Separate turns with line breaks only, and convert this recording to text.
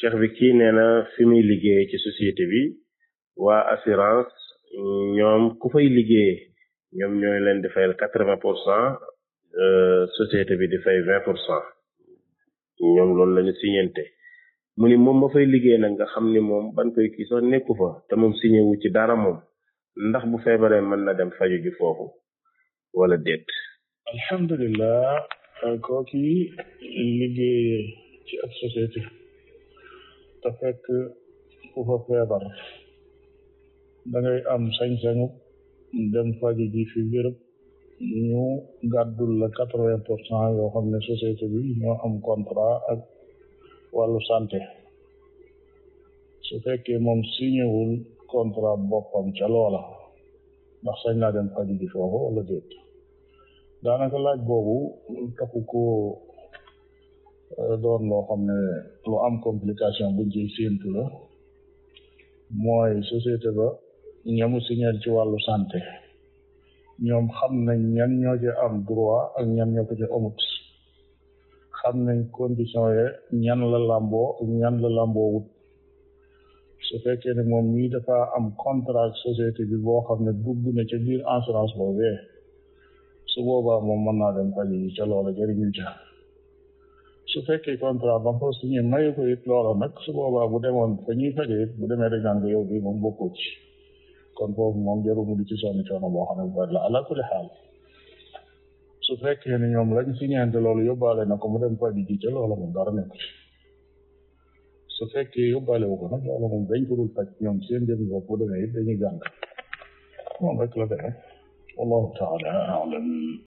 cheikh bi kii nee na fi muy liggéey ci société bi waa assurance ñoom ku fay liggéeye ñoom ñooy leen di fayal quatre vingt pour cent euh, société bi di fay vingt pour cent ñoom loolu la ñu mu ni moom ma fay liggéey nag nga xam ni moom ban koy kii nekku fa te moom signé wu ci dara moom ndax bu feebaree mën na dem faju ji foofu wala déet
alhamdulilah kooki liggéey ci ab société te fekk ku fa feebar dangay am sañ-sañu dem faju ji fi bérëb ñu gàddul la quatre-vingts pour cent yoo xam ne société bi ñoo am contrat ak wàllu santé su fekkee moom signewul contrat boppam ca loola ndax sañ naa dem faju ji foofu wala déet daanaka laaj boobu taxu doon loo xam ne lu am complication buñ ciy séentu la mooy société ba ñamu signal ci wàllu santé ñoom xam nañ ñan ñoo ci am droit ak ñan ñoo ko ci amut xam nañ condition ye ñan la làmboo ak ñan la làmboo wut su fekkee ne moom ñii dafa am contrat société bi boo xam ne dugg na ci biir assurance boobee su boobaa moom mën naa dem faj yi ca loola jëriñu ca su fekkee contrat ba nga ko signé mayu ko it loola nag su boobaa bu demoon fa ñuy faje it bu demee rek naan ko yow bii moom bokkoo ci kon foofu moom jarul mu di ci sonni coono boo xam ne bu bari la ala kulli xaal su fekkee ne ñoom lañ signéante loolu yóbbaale na ko mu dem faji ji ca loola moom dara nekk su fekkee yóbbaale wu ko nag loola moom dañ ko dul faj ñoom seen jëmi bopp bu demee it dañuy gàng moom rek la demee wallahu taala alam